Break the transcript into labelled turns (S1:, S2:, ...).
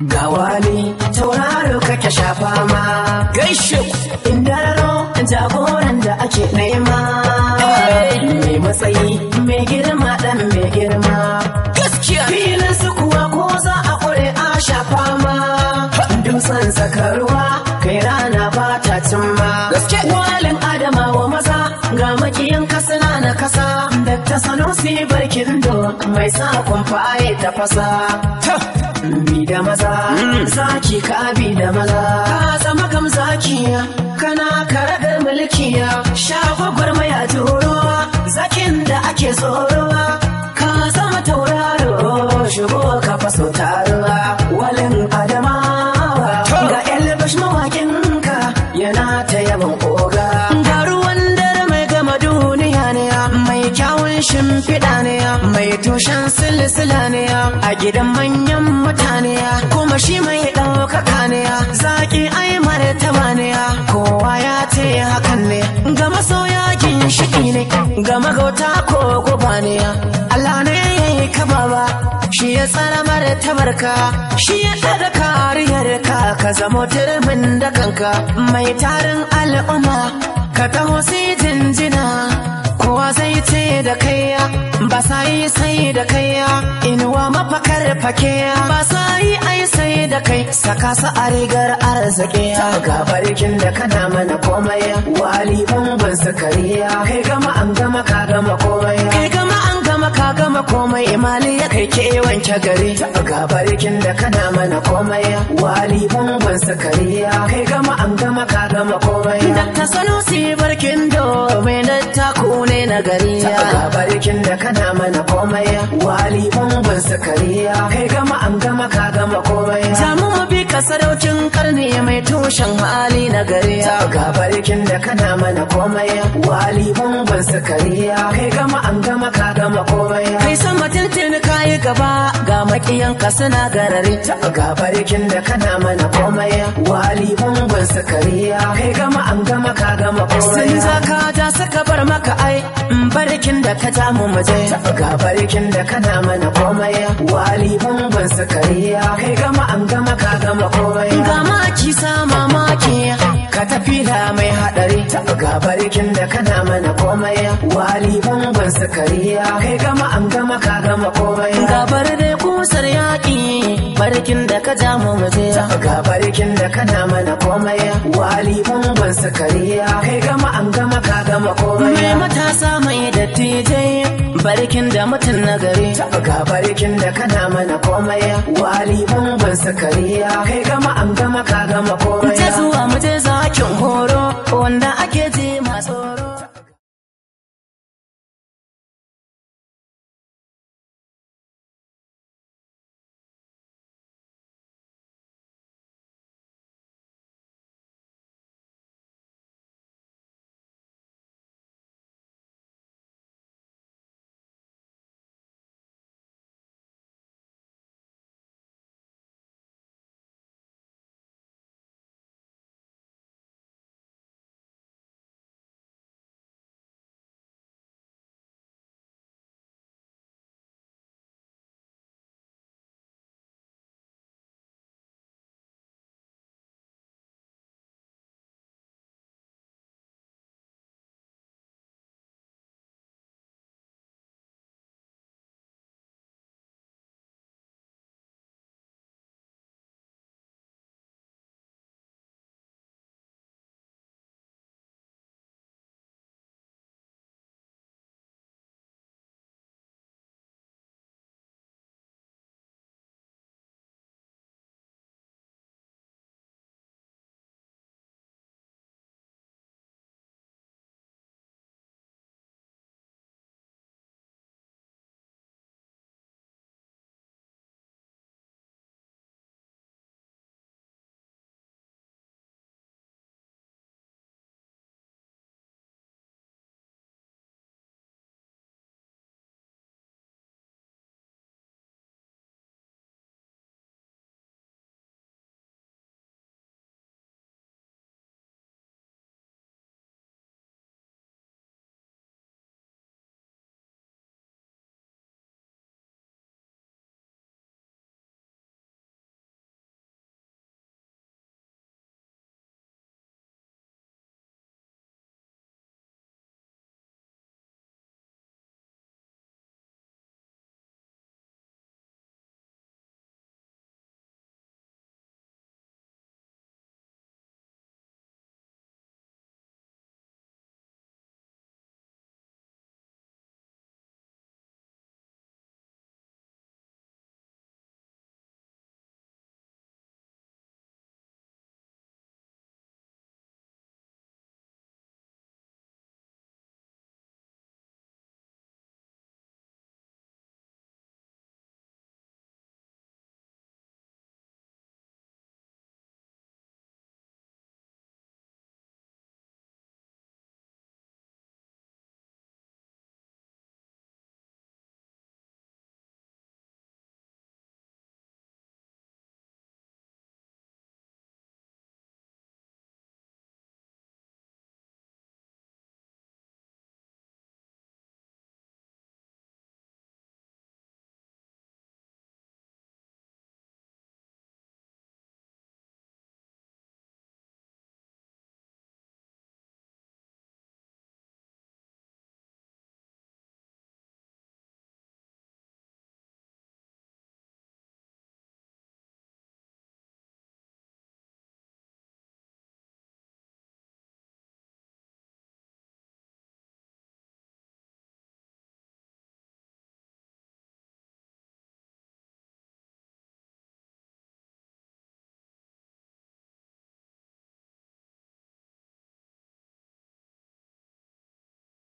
S1: Ga wani tauraro kake shafa ma. Gaishe ku. Indaro jagoran da ake nema. Mai matsayi mai girma dan mai girma. Gaskiya. Filin su kuwa ko za a ƙure a shafa ma. Dutsen sakarwa kai rana ba ta cimma. Gaskiya. Walin Adama wa maza ga makiyan kasana na kasa. Dakta Sanusi barkin do mai sa kumfa tafasa. tafasa. bi da maza mm. zaki ka bi da maza ka zama kam zakiya kana karagar mulkiya shafa gwarmaya turo zakin da ake tsoro tushen silsila ne a gidan manyan mutane kuma shi mai ɗaukaka ne zaki ai martaba ne kowa ya ce hakan ne ga masoya shiki ne ga magauta ko guba ne Allah ne ya yi kaba ba shi ya tsara martabarka shi ya ɗaga kariyar ka zamo turmin da kanka mai tarin al'umma ka taho sai jinjina ba zai ce da kaiya ba sai sai da kaiya inuwa mafakar fake ba sai ai sai da kai saka su a rigar arziki ga barkin da kana mana komai wali ban sakariya kai gama an gama ka gama komai kai gama an gama ka gama komai imali ya kai ke wanke gari ga barkin da kana mana komai wali ban sakariya kai gama an gama ka gama komai dakta sanusi barkin do mai ta. nagariya barkin da kana mana komai wali ban sakariya kai gama an gama ka gama komai Ta mu bi ka saraucin karni mai tushen hali nagariya. ga barkin da kana mana komai wali ban sakariya kai gama an gama ka gama komai kai sama tintin kai gaba ga makiyan ka suna garari ga barkin da kana mana komai wali ban sakariya kai gama an gama ka gama komai da ka ja mu muje ga barkin da kana mana komai wali bangon sakariya kai gama an gama ka gama komai ga maki sa mamaki ka tafi da mai hadari ga barkin da kana mana komai wali bangon sakariya kai gama an gama ka gama komai ga barikin da ka ja mu muje ga barikin da ka na mana komai wali mun ban sakariya kai gama an gama ka gama komai mai matasa mai dattijai barikin da mutum na gari ga barikin da ka na mana komai wali mun ban sakariya kai gama an gama ka gama komai ta zuwa mu je zakin horo wanda ake ji masoro.